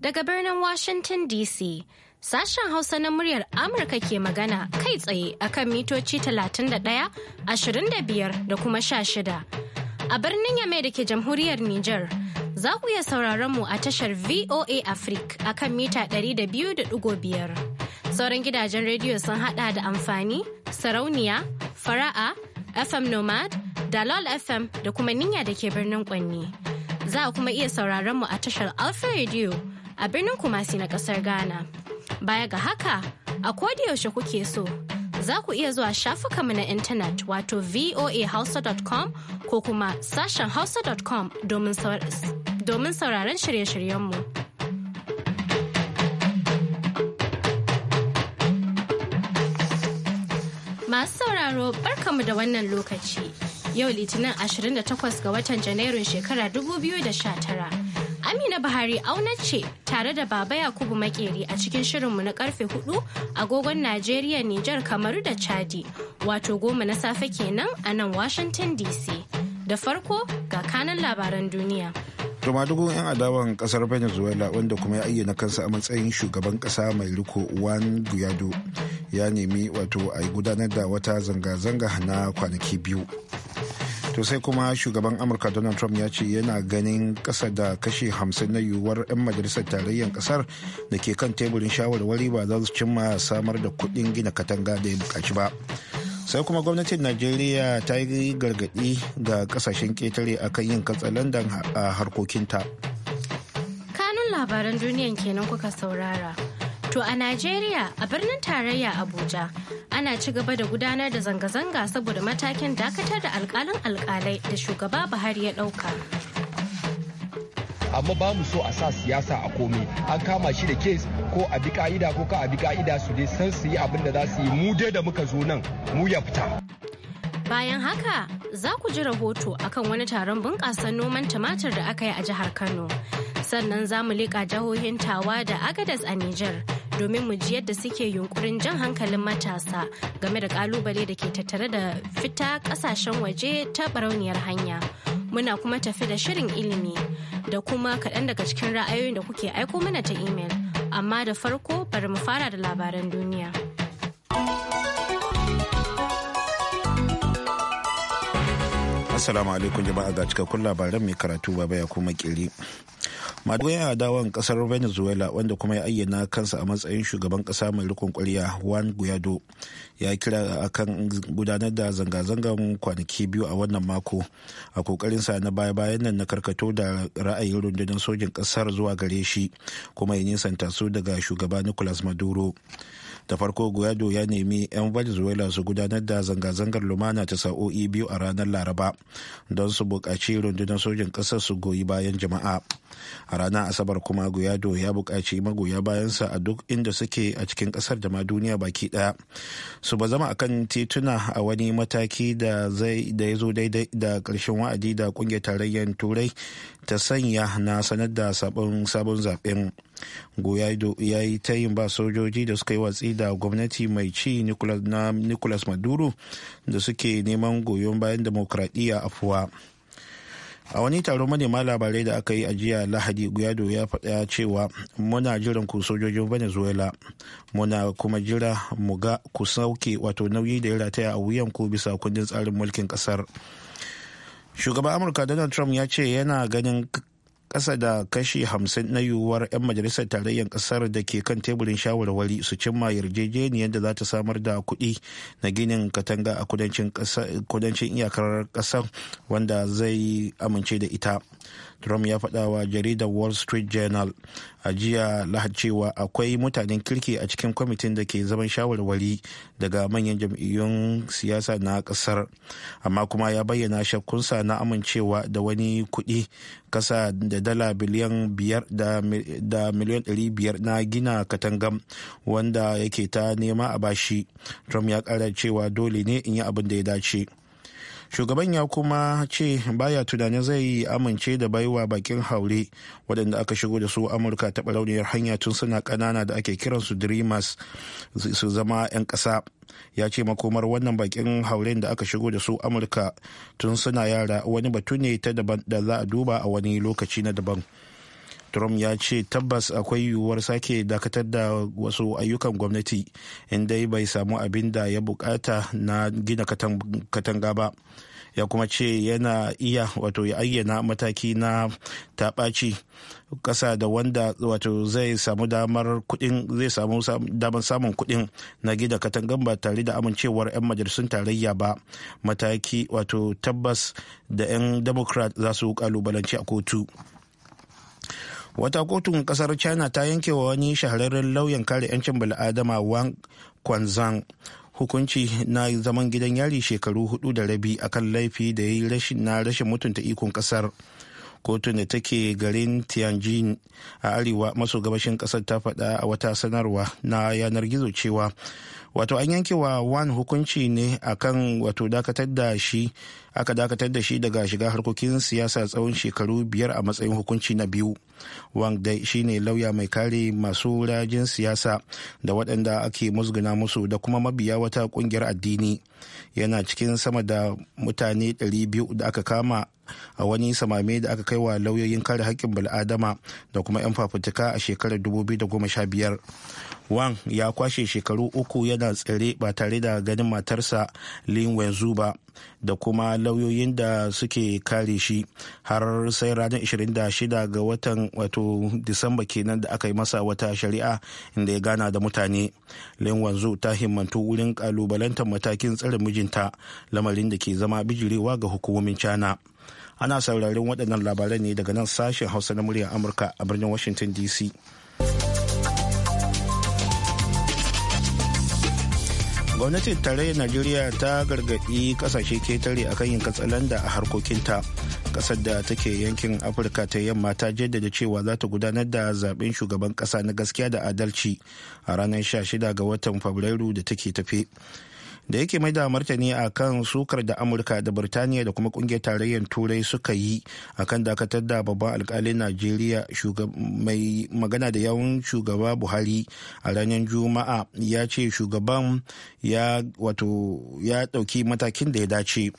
daga birnin Washington DC. Sashen Hausa na muryar Amurka ke magana kai tsaye akan mitoci 31, 25 da kuma 16. A birnin Yame da ke jamhuriyar Nijar, za ku iya sauraron mu a tashar VOA Africa akan mita 200.5. Sauran gidajen rediyo sun hada da amfani, sarauniya, fara'a, FM Nomad, Dalol FM da kuma Ninya da ke birnin Kwanni. Za a kuma iya sauraron mu a tashar Alpha Radio. a birnin Kumasi na kasar Ghana. Baya ga haka, a yaushe kuke so, za ku iya zuwa shafukanmu na intanet wato voahausa.com ko kuma sashen hausa.com domin sauraron shirye-shiryenmu. Masu sauraro barkamu da wannan lokaci. Yau Litinin 28 ga watan Janairun shekara 2019. Amina Buhari auna ce tare da Baba Yakubu Makeri a cikin shirinmu na karfe hudu agogon Najeriya, Nijar, Kamaru da Chadi, wato goma na safe kenan a nan Washington DC. Da farko ga kanan labaran duniya. Tumadugun 'yan adawan kasar Venezuela wanda kuma ya ayyana kansa a matsayin shugaban kasa mai riko Juan Guaido ya nemi wato a gudanar da wata zanga-zanga na kwanaki biyu. to sai kuma shugaban amurka donald trump ya ce yana ganin kasa da kashe hamsin na yiwuwar 'yan majalisar tarayyar kasar da ke kan teburin shawarwari ba za su cimma samar da kuɗin gina katanga da ya bukaci ba sai kuma gwamnatin najeriya ta yi gargaɗi ga kasashen ketare akan yin katsalandan a harkokinta kanun labaran duniyan kenan kuka saurara To a Najeriya a birnin tarayya Abuja ana ci gaba da gudanar da zanga-zanga saboda matakin dakatar da alkalin alkalai da shugaba Buhari ya ɗauka. amma ba mu so a sa siyasa a komai an kama shi da kes ko a bi ka'ida ko ka a bi ka'ida su dai san su yi abin da za su yi mu dai da muka zo nan mu ya fita bayan haka za ku ji rahoto akan wani taron bunƙasar noman tumatir da aka yi a jihar kano sannan za mu leƙa jihohin tawa da agadas a niger domin mu ji yadda suke yunkurin jan hankalin matasa game da kalubale da ke tattare da fita kasashen waje ta barauniyar hanya. Muna kuma tafi da shirin ilimi da kuma kaɗan daga cikin ra'ayoyin da kuke aiko mana ta imel. Amma da farko bari mu fara da labaran duniya. Assalamu alaikum jama'a ga cikakkun labaran mai karatu baba ya kuma kiri. maduro yana dawon kasar venezuela wanda kuma ya ayyana kansa a matsayin shugaban kasa mai rikon kwarya juan guaido ya kira akan gudanar da zanga-zangar kwanaki biyu a wannan mako a kokarinsa na baya-bayan nan na karkato da ra'ayin rundunar sojin kasar zuwa gare shi kuma ya nisanta su daga shugaba nicolas maduro da farko guaido ya nemi 'yan venezuela su gudanar da zanga-zangar lumana ta sa'o'i biyu a ranar laraba don su buƙaci rundunar sojin ƙasar su goyi bayan jama'a a ranar asabar kuma guyado ya bukaci magoya bayansa a duk inda suke a cikin ƙasar da ma duniya baki ɗaya su ba zama akan tituna a wani mataki da zai da ya zo daidai da karshen wa'adi da ƙungiyar tarayyar turai ta sanya na sanar da sabon sabon zaɓen goyado ya yi ta yin ba sojoji da suka yi watsi da gwamnati mai ci nicolas maduro da suke neman goyon bayan demokradiyya afuwa. a wani taron manema labarai da aka yi a jiya lahadi guyado ya faɗa cewa muna jiran ku sojojin venezuela muna kuma jira mu ga ku sauke wato nauyi da ya rataya a wuyan ku bisa kundin tsarin mulkin ƙasar shugaban amurka donald trump ya ce yana ganin ƙasa da kashi hamsin na yiwuwar 'yan majalisar tarayyar ƙasar da ke kan teburin shawarwari su cimma yarjejeniyar da za ta samar da kuɗi na ginin katanga a kudancin iyakar ƙasar wanda zai amince da ita. trump ya faɗa wa jaridar wall street journal a jiya lahad cewa akwai mutanen kirki a cikin kwamitin da ke zaman shawarwari daga manyan jam'iyyun siyasa na ƙasar amma kuma ya bayyana shakkunsa na amincewa da wani kuɗi kasa da dala biliyan biyar da miliyan ɗari biyar na gina katangam wanda yake ta nema a bashi trump ya ƙara cewa dole ne in yi abin da ya dace shugaban ya kuma ce baya tunanin zai yi amince da baiwa bakin haure waɗanda aka shigo da su amurka ta barauniyar hanya tun suna ƙanana da ake kiransu dreamers su zama 'yan ƙasa ya ce makomar wannan bakin hauren da aka shigo da su amurka tun suna yara wani batu ne ta daban da za a duba a wani lokaci na daban. trump ya ce tabbas akwai yiwuwar sake dakatar da wasu ayyukan gwamnati inda bai samu abin da ya bukata na gina katanga ba ya kuma ce yana iya wato ya ayyana mataki na taɓaci ƙasa da wanda wato zai samu damar kuɗin zai samu damar samun kuɗin na gida katangan ba tare da amincewar 'yan majalisun tarayya ba mataki wato tabbas da 'yan democrat za su kalubalanci a kotu wata kotun kasar china ta yanke wa wani shahararren lauyan kare 'yancin bala'adama wang kwanzang hukunci na zaman gidan yari shekaru hudu da rabi a kan laifi da ya yi na rashin mutunta ikon kasar kotun da take garin tianjin a arewa maso gabashin kasar ta faɗa a wata sanarwa na yanar gizo cewa wato an yanke wa wan hukunci ne akan wato dakatar da shi aka dakatar da shi daga shiga harkokin siyasa tsawon shekaru biyar a matsayin hukunci na biyu wang dai shine lauya mai kare masu rajin siyasa da waɗanda ake musguna musu da kuma mabiya wata ƙungiyar addini yana cikin sama da mutane 200 da aka kama a wani samame da aka kai wa lauyoyin kare haƙƙin bal'adama da kuma 'yan fafutuka a shekarar 2015 wang ya kwashe shekaru uku yana tsare ba tare da ganin matarsa lin wenzu ba da kuma lauyoyin da suke kare shi har sai ranar 26 ga watan wato disamba kenan da aka yi masa wata shari'a inda ya gana da mutane lin wanzu ta himmantu wurin kalubalantar matakin tsare mijinta lamarin da ke zama bijirewa ga hukumomin china ana sauraron waɗannan labarai ne daga nan sashen hausa na muryar amurka a birnin washington dc gwamnatin tarayyar najeriya ta gargadi kasashe ketare akan yin katsalanda a harkokinta kasar da take yankin afirka ta yamma ta jaddada cewa za ta gudanar da zaben shugaban kasa na gaskiya da adalci a ranar 16 ga watan fabrairu da take tafe da yake mai da martani a kan sukar da amurka da birtaniya da kuma kungiyar tarayyar turai suka yi a kan dakatar da babban alkalin najeriya mai magana da yawun shugaba buhari a ranar juma'a ya ce shugaban ya dauki matakin da ya dace.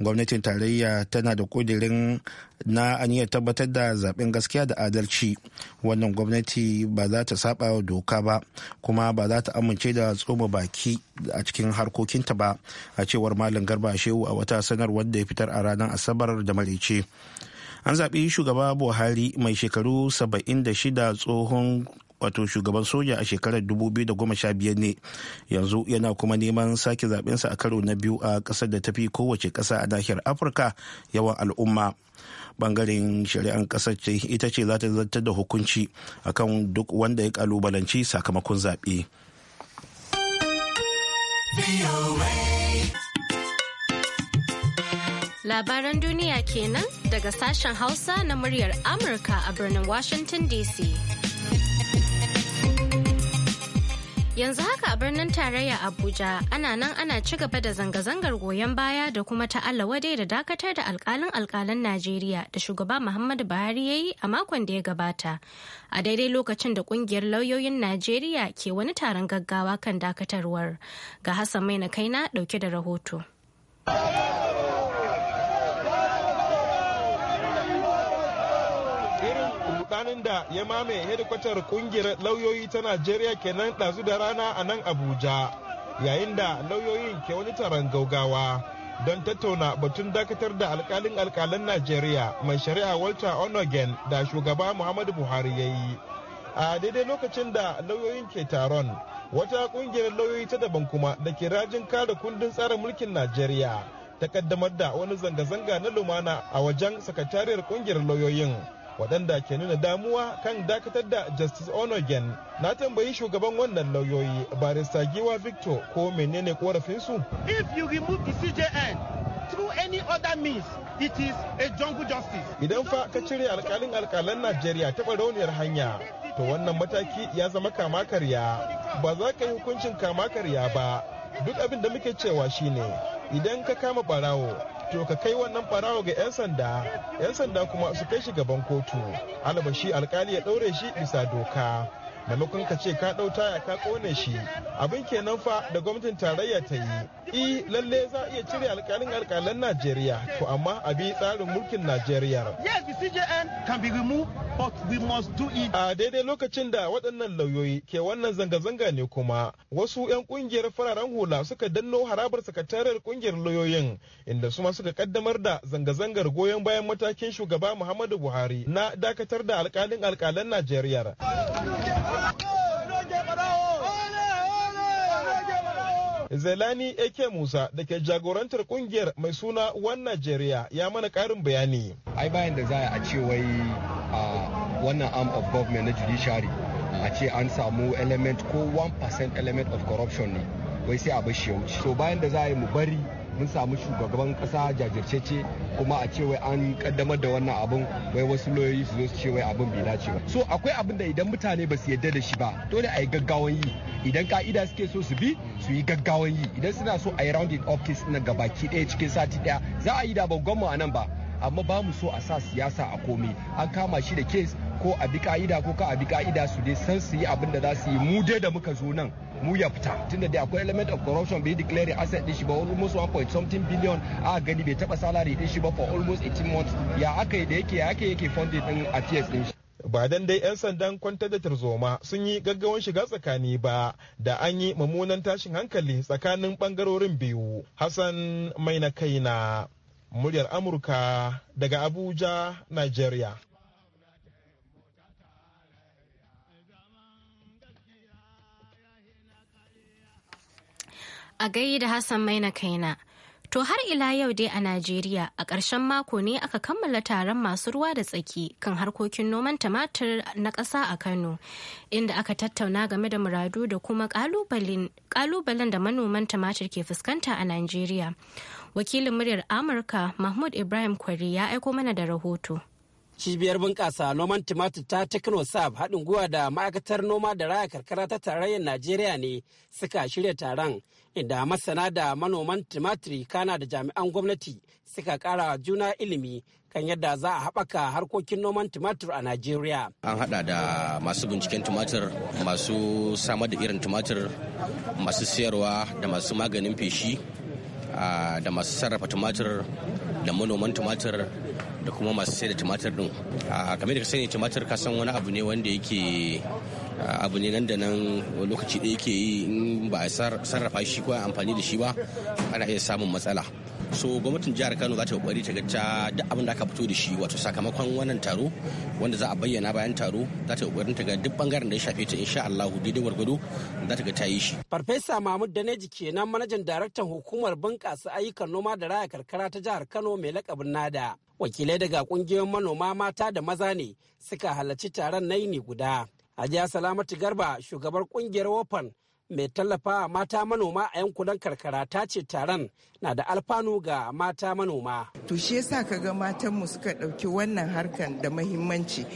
gwamnatin tarayya tana da kudirin na aniyar tabbatar da zaben gaskiya da adalci wannan gwamnati ba za ta saba wa doka ba kuma ba za ta amince da tsoma baki a cikin harkokinta ba a cewar malam garba shehu a wata sanarwar da ya fitar a ranar asabar da marece an zaɓi shugaba buhari mai shekaru 76 tsohon wato shugaban soja a shekarar 2015 ne yanzu yana kuma neman sake zaɓensa a karo na biyu a ƙasar da tafi kowace ƙasa a nahiyar afirka yawan al'umma bangaren shari'an ƙasar ce ita ce za ta zartar da hukunci akan duk wanda ya kalubalanci sakamakon zaɓe. Labaran duniya kenan daga sashen Hausa na muryar Amurka a birnin Washington DC. Yanzu haka a birnin tarayya Abuja ana nan ana ci gaba da zanga-zangar goyon baya da kuma ta wade da dakatar da alkalin alkalin Najeriya da shugaba Muhammadu Buhari ya yi a makon da ya gabata. A daidai lokacin da kungiyar lauyoyin Najeriya ke wani taron gaggawa kan dakatarwar. Ga Hassan mai Maina Kaina dauke da rahoto. rudanin da ya mamaye hedikwatar kungiyar lauyoyi ta najeriya kenan ɗazu da rana a nan abuja yayin da lauyoyin ke wani taron gaugawa don tattauna batun dakatar da alkalin alkalin najeriya mai shari'a walter onogen da shugaba muhammadu buhari ya yi a daidai lokacin da lauyoyin ke taron wata kungiyar lauyoyi ta daban kuma da ke rajin kare kundin tsarin mulkin najeriya ta kaddamar da wani zanga-zanga na lumana a wajen sakatariyar kungiyar lauyoyin waɗanda ke nuna damuwa kan dakatar da justice onogen na tambayi shugaban wannan lauyoyi barista giwa victor ko menene korafinsu if you remove the cjn through any other means it is a jungle justice idan fa ka cire alkalin alkalan najeriya ta ɓarauniyar hanya to wannan mataki ya zama kama karya ba za ka yi hukuncin kama karya ba duk abin da muke cewa shine idan ka kama barawo to ka kai wannan farawo ga 'yan sanda 'yan sanda kuma su kai shi gaban kotu albashi alkali ya ɗaure shi bisa doka maimakon ka ce ka ɗau taya ka ƙone shi abin kenan fa da gwamnatin tarayya ta yi i lalle za a iya cire alƙalin alƙalan najeriya to amma a bi tsarin mulkin najeriya a daidai lokacin da waɗannan lauyoyi ke wannan zanga-zanga ne kuma wasu 'yan ƙungiyar fararen hula suka danno harabar sakataren ƙungiyar lauyoyin inda suma suka kaddamar da zanga-zangar goyon bayan matakin shugaba muhammadu buhari na dakatar da alƙalin alƙalan najeriya Zelani Eke Musa da ke jagorantar kungiyar mai suna wan Nigeria ya mana karin bayani. Ai bayan da za a ce wai a wannan arm of government na judiciary a ce an samu element ko 1% element of corruption ne wai sai a bashi ya wuce. So bayan da za a yi mu bari mun samu shugaban kasa jajircece kuma a cewa an kaddamar da wannan abun wai wasu lauyoyi su zo su cewa abun bai dace ba so akwai abin da idan mutane ba su yarda da shi ba dole a yi gaggawan yi idan ka'ida suke so su bi su yi gaggawan yi idan suna so a yi rounded office na gabaki ɗaya cikin sati ɗaya za a yi da ba gwamma a nan ba amma ba mu so a sa siyasa a komai an kama shi da kes ko a bi ka'ida ko ka a bi ka'ida su dai san su yi abin da za su yi mu dai da muka zo nan mu ya fita tunda dai akwai element of corruption bai declare asset din shi ba almost 1. something billion a gani bai taba salary din shi ba for almost 18 months ya aka yi da yake ya aka yake funding din affairs din shi ba dan dai 'yan sandan kwantar da tarzoma sun yi gaggawan shiga tsakani ba da an yi mummunan tashin hankali tsakanin bangarorin biyu hassan mai na kaina muryar amurka daga abuja nigeria a gaida da hassan maina kaina To har ila yau dai a Najeriya a ƙarshen mako ne aka kammala taron masu ruwa da tsaki kan harkokin noman tumatir na ƙasa a Kano, inda aka tattauna game da muradu da kuma ƙalubalen da manoman tumatir ke fuskanta a Najeriya. Wakilin muryar Amurka Mahmud Ibrahim Kwari ya aiko mana da rahoto. cibiyar bunƙasa noman tumatir ta Sab haɗin guwa da ma'aikatar noma da raya karkara ta tarayyar najeriya ne suka shirya taron inda masana da manoman tumatiri kana da jami'an gwamnati suka kara juna ilimi kan yadda za a haɓaka harkokin noman tumatir a Najeriya. An haɗa da masu binciken tumatir, masu samar da irin tumatir, masu siyarwa da masu maganin feshi, da masu sarrafa tumatir, da manoman tumatir, da kuma masu sai da tumatir ɗin. Kamar da sani tumatir kasan wani abu ne wanda yake abu ne nan da nan lokaci da yake yi in ba a sarrafa shi ko amfani da shi ba ana iya samun matsala so gwamnatin jihar kano za ta kokari ta ta duk abin da aka fito da shi wato sakamakon wannan taro wanda za a bayyana bayan taro za ta kokarin ta ga duk bangaren da ya shafe ta insha Allah daidai gwargwado za ta ga ta yi shi farfesa Mahmud Daneji kenan manajan daraktan hukumar bunƙasa ayyukan noma da raya karkara ta jihar Kano mai lakabin Nada wakilai daga kungiyoyin manoma mata da maza ne suka halarci taron naini guda a Hajiya Salamatu Garba shugabar kungiyar Wofan mai tallafa mata manoma a yankunan karkara ta ce taron na da alfanu ga mata manoma. To shi yasa ga matanmu suka ɗauki wannan harkan da mahimmanci.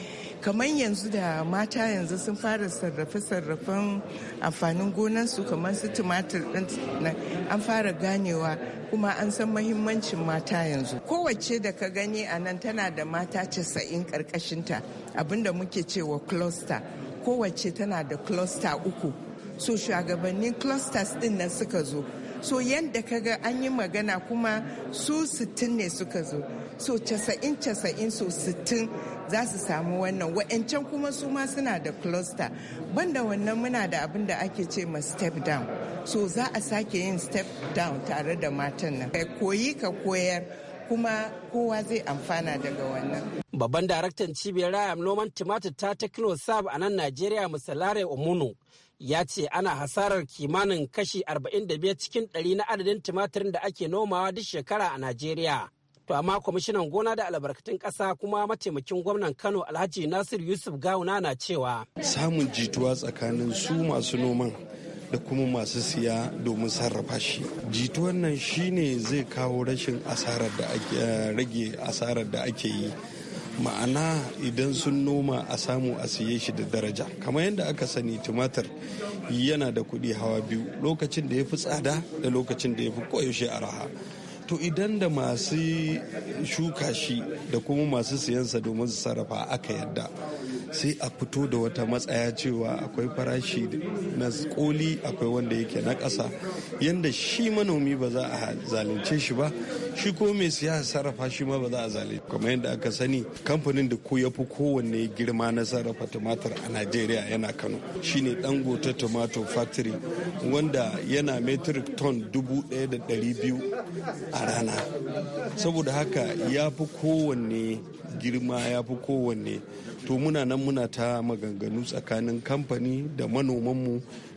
kamar yanzu da mata yanzu sun fara sarrafe-sarrafen amfanin gonansu kamar su tumatir din an fara ganewa kuma an san mahimmancin mata yanzu kowace da ka gani a nan tana da mata casa'in karkashinta abinda muke cewa cluster kowace tana da cluster uku so shugabannin clusters din nan suka zo so yadda ka ga an yi magana kuma su sittin ne suka zo so casa'in casa'in so sittin za su samu wannan wa'ancan kuma su ma suna da cluster banda wannan muna da abin da ake ce ma step down so za a sake yin step down tare da matan nan koyi ka koyar kuma kowa zai amfana daga wannan. Babban daraktan cibiyar rayam noman tumatir ta Tekno Sab a nan Najeriya Musalare Omunu ya ce ana hasarar kimanin kashi 45 cikin 100 na adadin tumatirin da ake nomawa duk shekara a Najeriya To amma kwamishinan gona da albarkatun ƙasa kuma mataimakin gwamnan Kano Alhaji Nasir Yusuf Gawuna na cewa. Samun jituwa tsakanin su masu noman da kuma masu siya domin sarrafa shi. Jituwan nan shine zai kawo rashin asarar da ake eh, rage asarar da ake yi. ma'ana idan sun noma a samu a siye shi da daraja kamar yadda aka sani tumatir yana da kuɗi hawa biyu lokacin da ya fi tsada da lokacin da ya fi koyaushe a raha to idan da masu shuka shi da kuma masu siyansa domin su sarrafa aka yadda sai a fito da wata matsaya cewa akwai farashi na koli akwai wanda yake na ƙasa yadda shi manomi ba za a zalunce shi ba shi ko mai siya sarrafa shi ma ba za a zalunce kamar yadda aka sani kamfanin da ko ya fi kowanne girma na sarrafa tumatir a najeriya yana kano shine dangote tomato factory wanda yana metric ton dubu ɗaya da ɗari biyu a rana saboda haka ya fi kowanne girma ya fi kowanne to muna nan muna ta maganganu tsakanin kamfani da manomanmu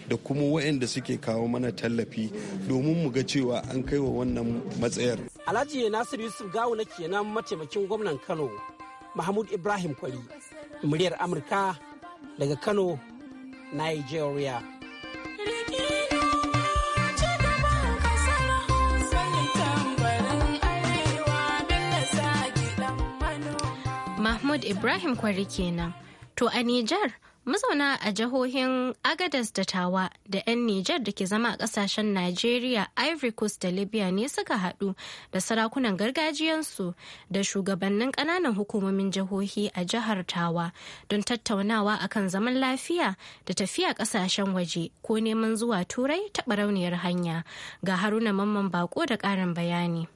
da kuma waɗanda suke kawo mana tallafi domin mu ga cewa an kai wa wannan matsayar. Alhaji nasir Yusuf na kenan mataimakin gwamnan Kano Mahmud Ibrahim Kwari muryar Amurka daga Kano, Nigeria. Mahmud Ibrahim Kwari kenan. To a Nijar, mazauna a jihohin Agadas da Tawa da 'yan Nijar da ke zama a ƙasashen Najeriya, Ivory Coast da Libya ne suka haɗu da sarakunan gargajiyansu da shugabannin ƙananan hukumomin jihohi a jihar Tawa don tattaunawa akan zaman lafiya da tafiya ƙasashen waje ko neman zuwa Turai ta barauniyar hanya. Ga Haruna Mamman Bako da ƙarin bayani.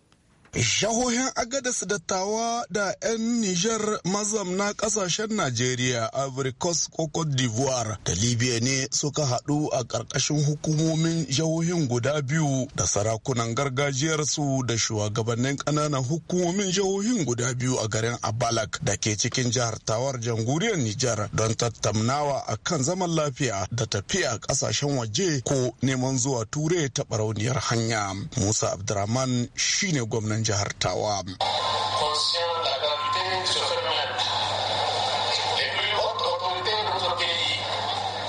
Jahohin Agadas Dattawa da 'yan Nijar mazamna kasashen Najeriya, Ivory Coast, Cote d'Ivoire da Libya ne suka haɗu a ƙarƙashin hukumomin jahohin guda biyu da sarakunan gargajiyarsu da shugabannin ƙananan hukumomin jahohin guda biyu a garin Abalak da ke cikin jihar Tawar Jamhuriyar Nijar don tattaunawa a kan zaman lafiya da tafiya ƙasashen waje ko neman zuwa Turai ta barauniyar hanya. Musa Abdurrahman shine gwamnan jihar Tawa.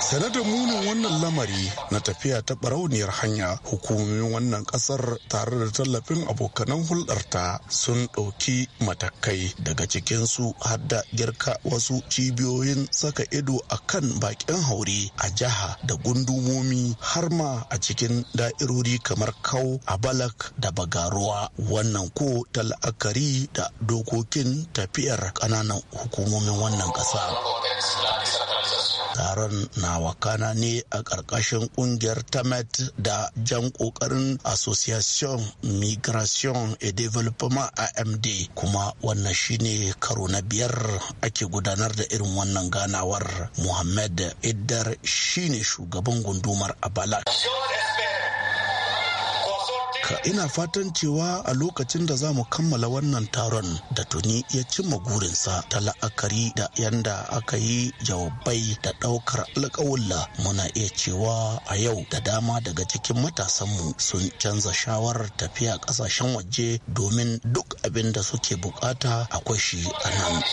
Sane da munin wannan lamari na tafiya ta barauniyar hanya hukumomin wannan kasar tare da tallafin abokanan hulɗarta sun ɗauki matakai daga cikinsu har da girka wasu cibiyoyin saka ido a kan baƙin haure a jiha da gundumomi har ma a cikin da'irori kamar kau a balak da bagaruwa wannan ko ta la'akari da dokokin tafiyar ƙananan hukumomin wannan ƙasa. taron na wakana ne a ƙarƙashin ƙungiyar tamet da jan ƙoƙarin association migration et development amd kuma wannan shine karo na biyar ake gudanar da irin wannan ganawar muhammad Idar shine shugaban gundumar abalak ina fatan cewa a lokacin da za mu kammala wannan taron da tuni ya cimma gurinsa ta la'akari da yanda aka yi jawabai da ɗaukar alƙawulla muna iya cewa a yau da dama daga cikin matasanmu sun canza shawarar tafiya ƙasashen waje domin duk abin da suke bukata akwai shi a nan.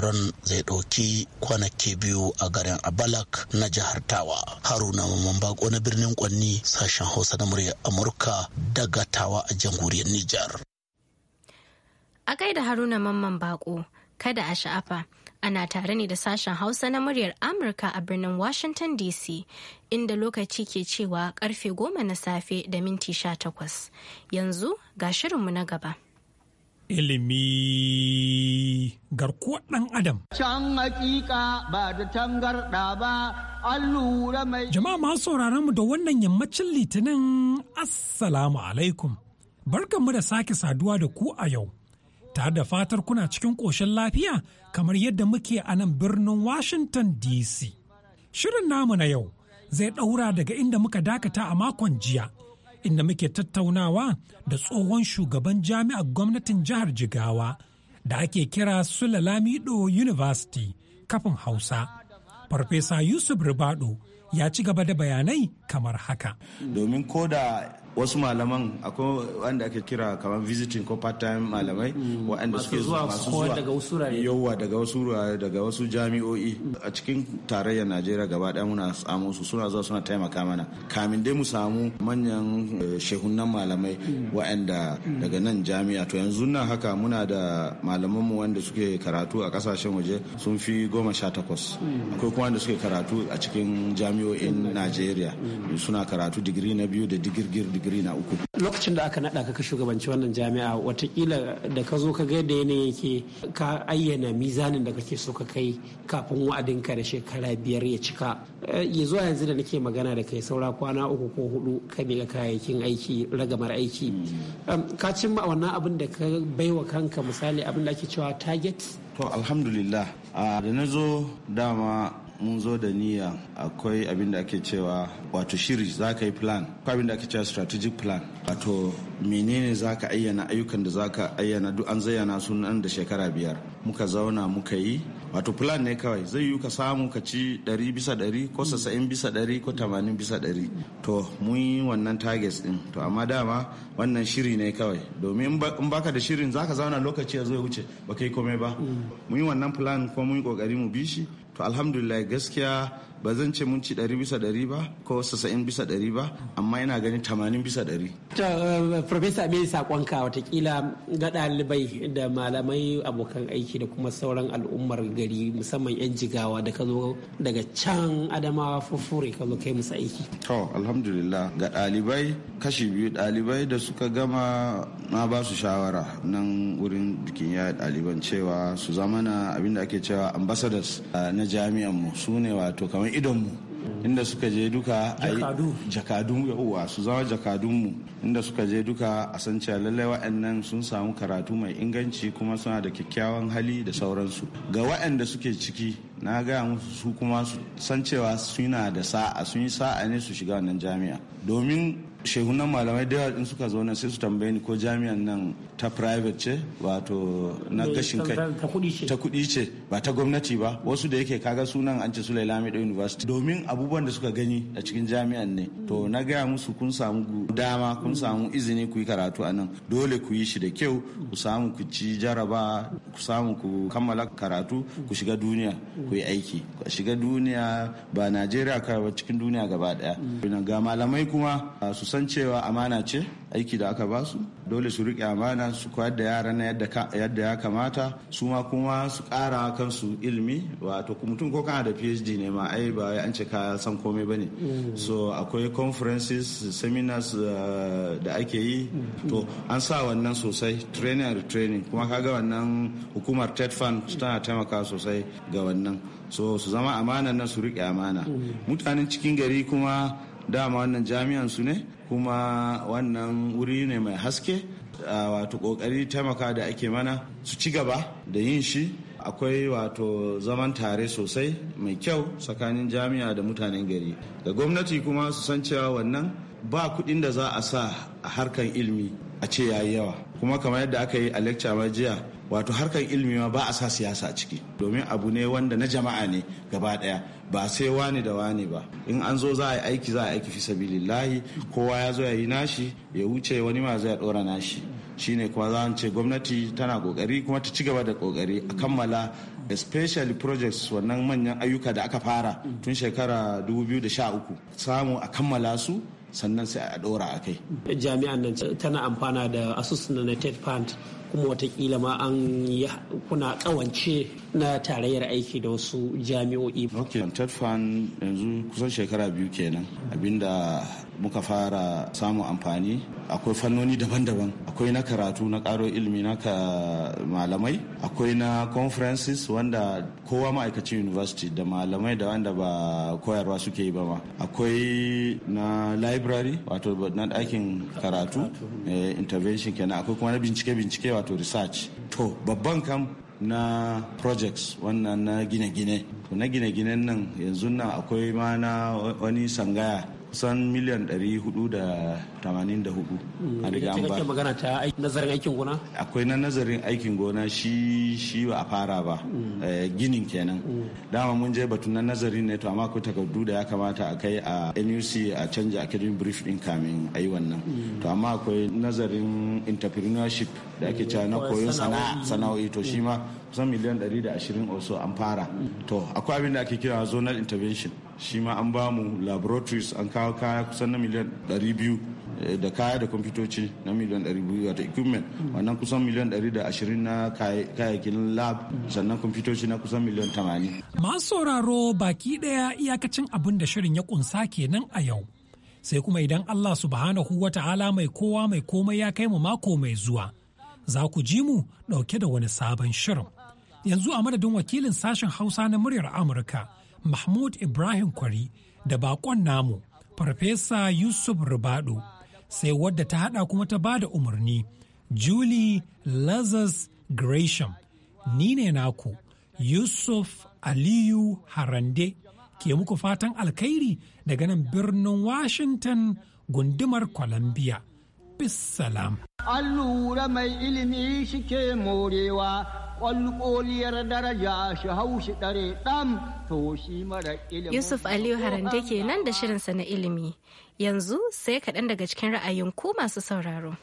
taron zai ɗauki kwanaki biyu a garin abalak na jihar tawa haruna mamman bako na birnin kwanni sashen hausa na murya amurka daga tawa a jamhuriyar nijar a gaida haruna mamman bako kada a sha'afa ana tare ne da sashen hausa na muryar amurka a birnin washington dc inda lokaci ke cewa karfe goma na safe da minti sha takwas yanzu ga shirinmu na gaba ilimi garkuwar ɗan adam. Can hakika ba da tangarɗa ba, an lura mai. Jama'a masu sauraron mu da wannan yammacin litinin Assalamu alaikum. mu da sake saduwa da ku a yau. Tare da fatar kuna cikin ƙoshin lafiya kamar yadda muke a nan birnin Washington DC. Shirin namu na yau zai ɗaura daga inda muka dakata a makon jiya. inda muke tattaunawa da tsohon shugaban jami'ar gwamnatin jihar Jigawa da ake kira Sula Lamido University kafin Hausa. Farfesa Yusuf Ribado ya ci gaba da bayanai kamar haka. Domin ko da wasu malaman akwai wanda ake kira kamar visiting ko part-time malamai mm. waɗanda suke zuwa masu zuwa daga wasu daga wasu daga wasu jami'o'i a cikin tarayyar Najeriya gaba ɗaya muna samu su suna zuwa suna taimaka mana kamin dai mu samu manyan eh, shehunan malamai mm. waɗanda mm. daga nan jami'a to yanzu nan haka muna da malaman mu wanda suke karatu a kasashen waje sun fi goma sha takwas akwai kuma wanda suke karatu a cikin jami'o'in Najeriya suna karatu digiri na biyu da digirgir digiri na uku lokacin da aka naɗa ka shugabanci wannan jami'a watakila da ka zo ka ga da yanayin yake ka ayyana mizanin da kake so ka kai kafin wa'adin ka da shekara biyar ya cika eh, ya zuwa yanzu da nake magana da kai saura kwana uku ko hudu ka miƙa kayayyakin aiki ragamar aiki hmm. ka cimma wannan abin da ka baiwa kanka misali abin da ake cewa target to alhamdulillah ah, da na zo dama mun zo da niyya akwai abin da ake cewa wato shiri za ka yi plan akwai abin da ake cewa strategic plan wato menene za ka ayyana ayyukan da za ka ayyana duk an zayyana su nan da shekara biyar muka zauna muka yi wato plan ne kawai zai yi ka samu ka ci 100 bisa 100 ko 90 bisa 100 ko 80 bisa 100 to mun yi wannan targets din to amma dama wannan shiri ne kawai domin in baka da shirin za ka zauna lokaci ya zo ya wuce baka yi komai ba mun yi wannan plan ko mun yi kokari mu bi shi to alhamdulillah gaskiya ba zan ce mun ci bisa 100 ba ko sasa'in bisa 100 ba amma ina ganin tamanin bisa ɗari. Eh, Profesa me sakonka watakila ga ɗalibai da malamai abokan aiki da kuma sauran al'ummar gari musamman 'yan jigawa da ka zo daga can adamawa fufure ka zo kai musu aiki. To alhamdulillah ga ɗalibai kashi biyu ɗalibai da suka gama na ba su shawara nan wurin bikin ya ɗaliban cewa su zamana abinda ake cewa ambassadors eh, na jami'an mu su ne wato kamar gaban idonmu inda suka je duka a yi jakadun yauwa su zama jakadunmu inda suka je duka a san cewa lallai wa'annan sun samu karatu mai inganci kuma suna da kyakkyawan hali da sauransu ga wa'anda suke ciki na gaya musu su kuma san cewa suna da sa'a sun yi sa'a ne su shiga wannan jami'a domin shehunan malamai da yawa in suka zo nan sai su tambaye ni ko jami'an nan ta private ce wato na gashin kai ta kuɗi ce ba ta gwamnati ba wasu da yake kaga sunan an ce Sulai Lamido University domin abubuwan da suka gani a cikin jami'an ne to na gaya musu kun samu dama kun samu izini ku yi karatu a nan dole ku yi shi da kyau ku samu ku ci jaraba ku samu ku kammala karatu ku shiga duniya ku yi aiki ku shiga duniya ba Najeriya kawai ba cikin duniya gaba daya ga malamai kuma su san cewa amana ce aiki da aka ba su dole su riƙe amana su koyar da yara na yadda ya kamata su ma kuma su ƙara kansu ilimi wato mutum ko kana da phd ne ma ai ba an ce ka san komai ba ne mm. so akwai conferences seminars uh, da ake yi mm. to an sa wannan sosai training and training kuma kaga wannan hukumar ted fund tana taimaka sosai ga wannan so su zama amana nan su riƙe amana mm. mutanen cikin gari kuma dama wannan jami'an su ne kuma wannan wuri ne mai haske wato kokari taimaka da ake mana su ci gaba da yin shi akwai wato zaman tare sosai mai kyau tsakanin jami'a da mutanen gari da gwamnati kuma su san cewa wannan ba kuɗin da za a sa a harkan ilmi a ce yayi yawa kuma kamar yadda aka yi a lecture jiya wato harkar ilimi ma ba a sa siyasa a ciki domin abu ne wanda na jama'a ne gaba daya ba sai wani da wani ba in an zo za a yi aiki za a yi aiki fi sabilillahi kowa ya zo ya yi nashi ya wuce wani ma zai dora nashi shine kuma za ce gwamnati tana kokari kuma ta ci gaba da kokari a kammala especially projects wannan manyan ayyuka da aka fara tun shekara 2013 samu a kammala su sannan sai a dora a kai jami'an nan tana amfana da asusun na ted fund kuma watakila ma an kuna kawance na tarayyar aiki da wasu jami'o'i. ok yanzu kusan shekara biyu kenan abinda muka fara samun amfani akwai fannoni daban-daban akwai na karatu na karo ilimi na malamai akwai na conferences wanda kowa ma'aikacin university da malamai da wanda ba koyarwa suke yi ba ma akwai na library wato na ɗakin karatu eh, intervention kenan akwai kuma na bincike-bincike wato research to babban kam na projects wannan na gine-gine na gine-ginen nan yanzu nan akwai ma na wani sangaya kusan miliyan 484 hmm, a riga an ba magana ta nazarin aikin gona akwai na nazarin aikin gona shi shi ba a fara ba hmm. eh, ginin kenan hmm. dama mun je batun na nazarin ne to amma akwai takardu da ya kamata a kai a NUC a canja academic brief din kamin a yi wannan to amma akwai nazarin entrepreneurship da ake cewa na koyon sana'a sana'o'i to shi ma kusan miliyan 120 or so an fara to akwai abin da ake kira zonal intervention shi ma an bamu laboratories an kawo kaya kusan na miliyan 200 eh, da kaya da kwamfutoci na miliyan 200 wata equipment wannan kusan miliyan 120 na kayayyakin lab sannan kwamfutoci na kusan miliyan 80. masu sauraro baki daya iyakacin abin da shirin ya kunsa kenan a yau sai kuma idan allah subhanahu wa ta'ala mai kowa mai komai ya kai mu mako mai zuwa za ku ji mu dauke da wani sabon shirin yanzu a madadin wakilin sashen hausa na muryar amurka mahmud ibrahim kwari da bakon namu farfesa yusuf rubado sai wadda ta hada kuma ta ba da umarni julie lazarus gresham ni ne naku yusuf aliyu harande ke muku fatan alkhairi daga nan birnin washington gundumar columbia bisalam allura mai ilimi shike morewa kwalkoliyar daraja shi haushi ɗare ɗan, to shi mara ilimi. Yusuf Aliyu Harande nan da shirinsa na ilimi. Yanzu sai kaɗan daga cikin ra'ayin ku masu sauraro.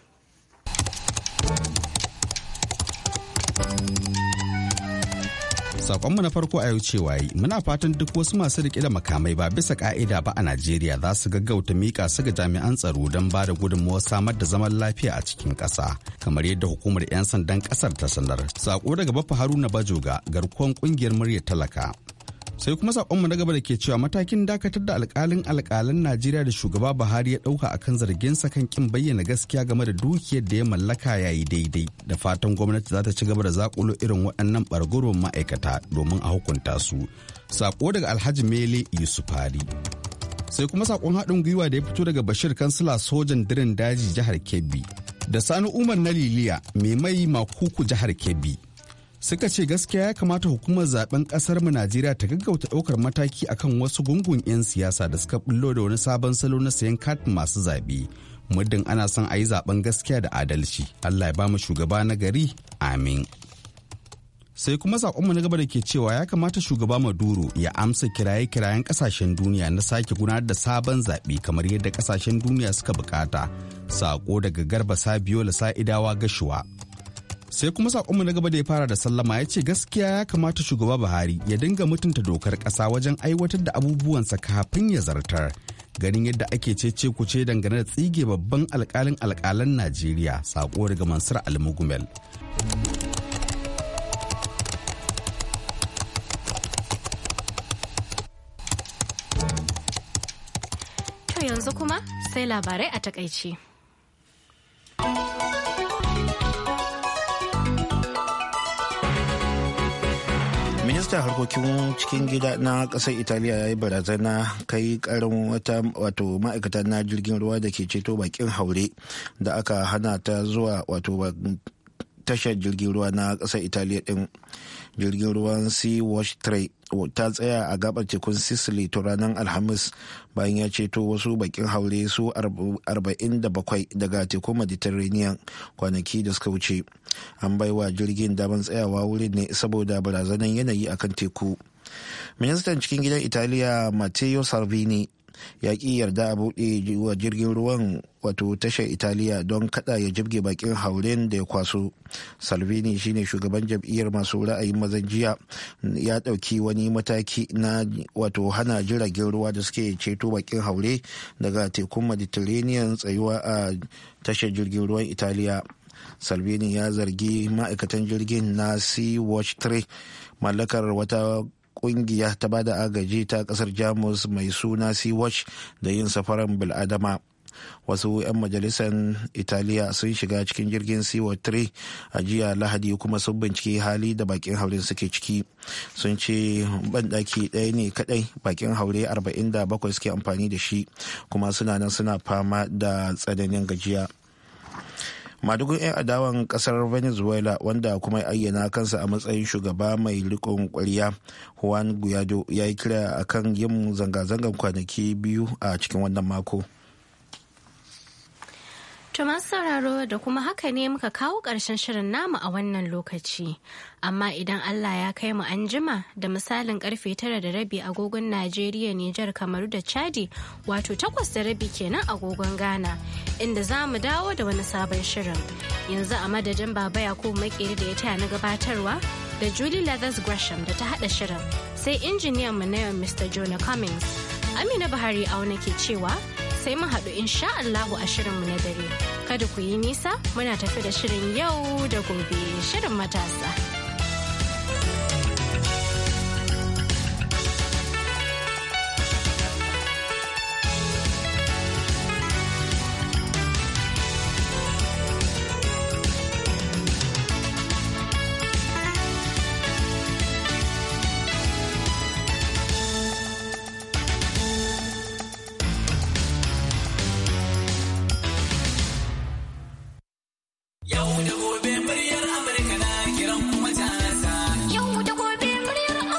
Sakonmu na farko a yau cewa muna fatan duk wasu masu rike da makamai ba bisa ka'ida ba a Najeriya za su gaggauta mika su ga jami'an tsaro don ba da gudunmawar samar da zaman lafiya a cikin ƙasa. Kamar yadda hukumar 'yan sandan ƙasar ta sanar. Sako daga bafa Haruna Bajoga garkuwan ƙungiyar murya talaka. sai kuma sakonmu na gaba da ke cewa matakin dakatar da alkalin alkalan najeriya da shugaba buhari ya dauka akan zarginsa kan kin bayyana gaskiya game da dukiyar da ya mallaka yayi daidai da fatan gwamnati za ta ci gaba da zakulo irin waɗannan bargurbin ma'aikata domin a hukunta su sako daga alhaji mele yusufari sai kuma sakon haɗin gwiwa da ya fito daga bashir kansila sojan diren daji jihar kebbi da sani umar na liliya mai mai makuku jihar kebbi suka ce gaskiya ya kamata hukumar zaben kasar mu Najeriya ta gaggauta ɗaukar mataki akan wasu gungun 'yan siyasa da suka bullo da wani sabon salo na sayan katin masu zaɓe. Muddin ana son a yi zaben gaskiya da adalci. Allah ya ba mu shugaba na gari. Amin. sai kuma mu na gaba da ke cewa ya kamata shugaba maduro ya amsa kiraye-kirayen ƙasashen duniya na sake gudanar da sabon zaɓe kamar yadda ƙasashen duniya suka bukata sako daga garba sabiyo la sa'idawa gashuwa sai kuma sakonmu na gaba da ya fara da sallama ya ce gaskiya ya kamata shugaba buhari ya dinga mutunta dokar ƙasa wajen aiwatar da abubuwansa kafin ya zartar ganin yadda ake cece kuce dangane da tsige babban alkalin alkalan najeriya sako daga mansur almugumel yanzu kuma sai labarai a takaici ministan harkokin cikin gida na kasar italiya ya yi barazana kai karin wata wato ma'aikata na jirgin ruwa da ke ceto bakin haure da aka hana ta zuwa wato tashar jirgin ruwa na ƙasar italiya ɗin jirgin ruwan sea watch 3 ta tsaya a gabar tekun sicily to ranar alhamis bayan ya ceto wasu bakin haure su 47 daga tekun mediterranean kwanaki da suka wuce an bai wa jirgin damar tsayawa wurin ne saboda barazanar yanayi akan teku ministan cikin gidan italiya matteo salvini ya ƙi yarda a buɗe wa jirgin ruwan wato tashar italiya don kada ya jibge bakin hauren da ya kwaso salvini shine shugaban jam'iyyar masu ra'ayin mazan jiya ya ɗauki wani mataki na wato hana jiragen ruwa da suke ceto bakin haure daga tekun mediterranean tsayuwa a tashar jirgin ruwan italiya salvini ya zargi ma'aikatan jirgin na sea watch 3 mallakar wata kungiya ta bada agaji ta kasar jamus mai suna sea-watch da yin safaran bil'adama wasu 'yan majalisar italiya sun shiga cikin jirgin sea 3 a jiya lahadi kuma sun bincike hali da bakin haurin suke ciki sun ce banɗaki ɗaya ne kadai bakin haure 47 suke amfani da shi kuma suna nan suna fama da tsananin gajiya madugun 'yan adawan kasar venezuela wanda kuma ya ayyana kansa a matsayin shugaba mai rikon kwarya juan guaido ya yi kira akan yin zanga zangan kwanaki biyu a cikin wannan mako. Tuman sauraro da kuma haka ne muka kawo ƙarshen shirin namu a wannan lokaci. Amma idan Allah ya kai mu an jima da misalin karfe tara da rabi agogon Najeriya, Nijar, Kamaru da Chadi wato takwas da rabi kenan agogon Ghana inda za mu dawo da wani sabon shirin. Yanzu a madadin Baba Yakubu Makeri da ya taya na gabatarwa da Julie Leathers Gresham da ta haɗa shirin sai injiniyan mu na yau Mr. Jonah Cummings. Amina Buhari auna ke cewa sai mu haɗu insha Allahu a shirinmu na dare. Kada ku yi nisa muna tafi da shirin yau da gobe shirin matasa.